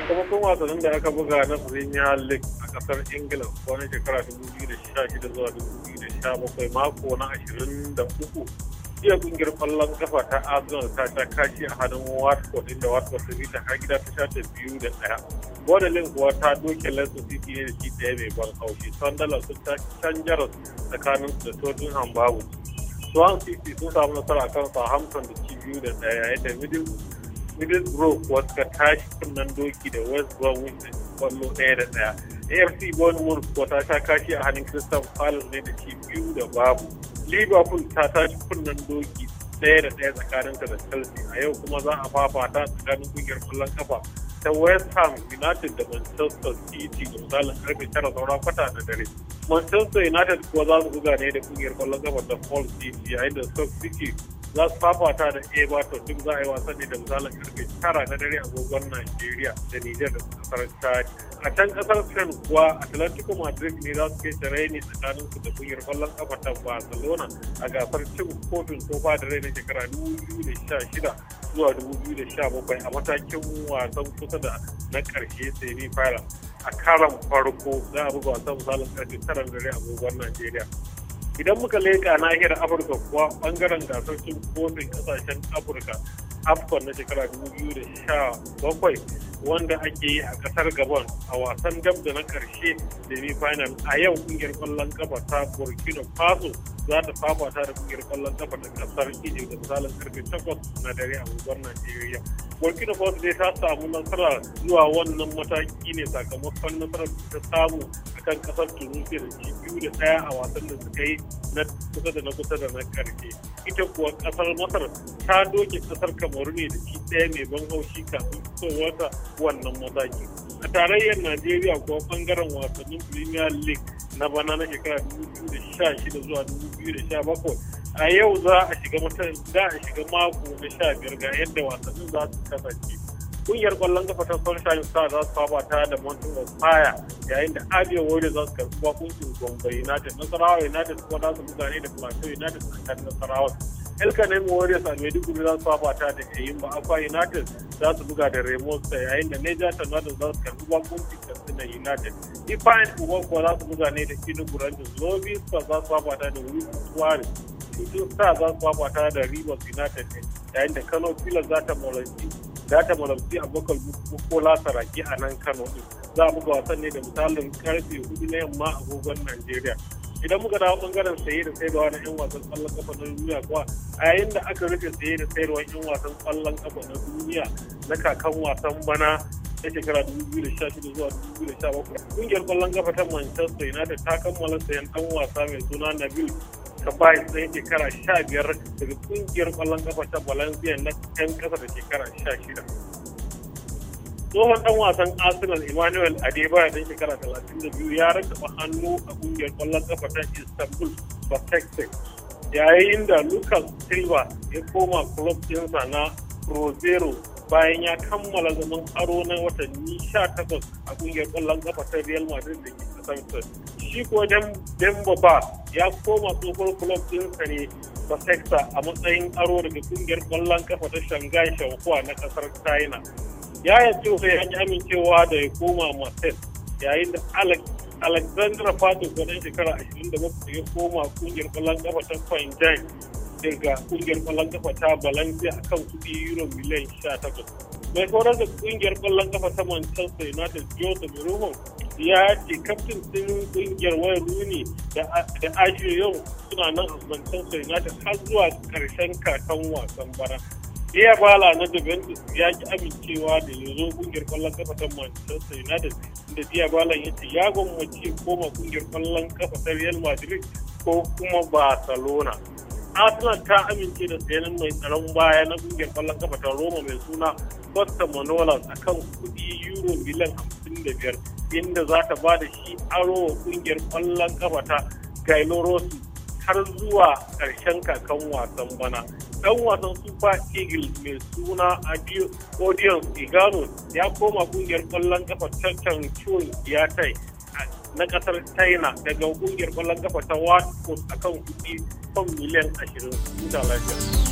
sakamakon wasannin da aka buga na Premier League a kasar Ingila wani shekara 2016 zuwa 2017 mako na 23 jiya kungiyar kwallon kafa ta Arsenal ta sha kashi a hannun Watford inda Watford ta bita har gida ta sha ta biyu da ɗaya. Bodolin kuwa ta doke Leicester City ne da shi ɗaya mai ban haushi. Sunderland sun ta canjara tsakanin da Tottenham babu. Swansea City sun samu nasara kan Southampton da ci biyu da ɗaya yayin da Middlesbrough middlesbrough wata tashi kunnen doki da west bromwich kwallo ɗaya da ɗaya afc bournemouth wata ta kashi a hannun crystal palace ne da ci biyu da babu liverpool ta tashi kunnen doki ɗaya da ɗaya tsakaninta da chelsea a yau kuma za a fafata tsakanin kungiyar kwallon kafa ta West Ham United da Manchester City da misalin karfe tara zaura kwata da dare. Manchester United kuwa za su buga ne da kungiyar kwallon kafa da Paul City yayin da Stoke City za su fafata da Everton duk za a yi wasan ne da misalin karfe tara na dare agogon Najeriya da Niger da kasar Chad. A can kasar sen kuwa Atlantico Madrid ne za su ke tare ne tsakanin su da kungiyar kwallon kafa ta Barcelona a gasar cin kofin kofa da rai na shekara dubu biyu da sha shida zuwa dubu biyu da sha bakwai a matakin wasan kusa da na karshe semi final. A karan farko za a buga wasan misalin karfe tara na dare agogon Najeriya. idan muka leƙa nahiyar afirka kuwa bangaren gasar cin kofin kasashen afirka afcon na shekara 2017 wanda ake yi a kasar gabon a wasan dab da na karshe semi final a yau kungiyar kwallon kafa ta burkina faso za ta ta da kungiyar kwallon kafa da kasar Egypt da misalin karfe 8 na dare a unguwar Najeriya. Burkina Faso dai ta samu nasara zuwa wannan mataki ne sakamakon nasarar ta samu kan kasar Tunisia da ke biyu da ɗaya a wasan da suka yi na kusa da na kusa da na karfe. Ita kuwa kasar Masar ta doke kasar Kamaru ne da ci ɗaya mai ban haushi kafin fitowarta wannan mataki. A tarayyar Najeriya kuwa bangaren wasannin Premier League na bana na shekara 2016 zuwa 2017 a yau za a shiga mutane za a shiga mako na biyar ga yadda wasannin za su kasance kungiyar kwallon kafa ta sunshine star za su ta da mountain of fire yayin da abia warriors za su karbi bakuncin gombe united nasarawa united kuma za su mutane da plateau united a kan nasarawa Elkanemi warrior a Maiduguri za su fafata da Eyimba Akwa United za su buga da Remo yayin da neja tanadu za su karbi su Katsina United. Ifeanyi Uwakwa za su buga ne da Enugu Rangers, zobi su za su fafata da Wigan Warriors, kudin sa za su fafata da Rivers United yayin da Kano Pillars za ta molanci za ta molanci Abubakar Bukola Saraki a nan Kano din. Za a buga wasan ne da misalin karfe hudu na yamma a agogon Najeriya. idan muka dawo bangaren saye da sayarwa na yan wasan kwallon kafa na duniya kuwa a yayin da aka rufe saye da sayarwa yan wasan kwallon kafa na duniya na kakan wasan bana na shekara 2016 zuwa 2017 kungiyar kwallon kafa ta manchester united ta kammala sayan dan wasa mai suna nabil kabais ɗan shekara 15 daga kungiyar kwallon kafa ta valencia na 'yan kasa da shekara 16 tsohon dan wasan arsenal emmanuel adebayo dan shekara 32 ya rakaba hannu a kungiyar kwallon kafa ta istanbul bateksek yayin da lucas silva ya koma club dinsa na rosero bayan ya kammala zaman aro na watanni 18 a kungiyar kwallon kafa ta real madrid da ke kasar shi kuwa demba ba ya koma tsohon club dinsa ne bateksa a matsayin aro daga kungiyar kwallon kafa ta shanghai shanghua na kasar china ya yarda ya ki amincewa da ya koma Marseille yayin da Alexandra Fatou gwanin shekara 27 ya koma kungiyar kwallon kafa ta Quinjan daga kungiyar kwallon kafa ta Valencia kan kuɗi euro miliyan 18. Mai horar da kungiyar kwallon kafa ta Manchester United Jose Mourinho ya ce kaftin din kungiyar wayar Rooney da Ashley Young suna nan a Manchester United har zuwa karshen kakan wasan bara. iya bala na Juventus ya ki amincewa da ya zo kungiyar kwallon kafa ta Manchester United da iya bala ya ce ya gwammace koma kungiyar kwallon kafa ta Real Madrid ko kuma Barcelona. Arsenal ta amince da sayan mai tsaron baya na kungiyar kwallon kafa ta Roma mai suna Costa Manolas a kan kudi euro miliyan hamsin da biyar inda za ta ba da shi aro wa kungiyar kwallon kafa ta Gailo Rossi har zuwa ƙarshen kakan wasan bana. ɗan wasan Super Eagles mai suna Adio Odion Igano ya koma ƙungiyar ƙwallon kafa ta ya Yatai na ƙasar China daga ƙungiyar ƙwallon kafa ta Watford akan kuɗi kan miliyan ashirin. lafiya.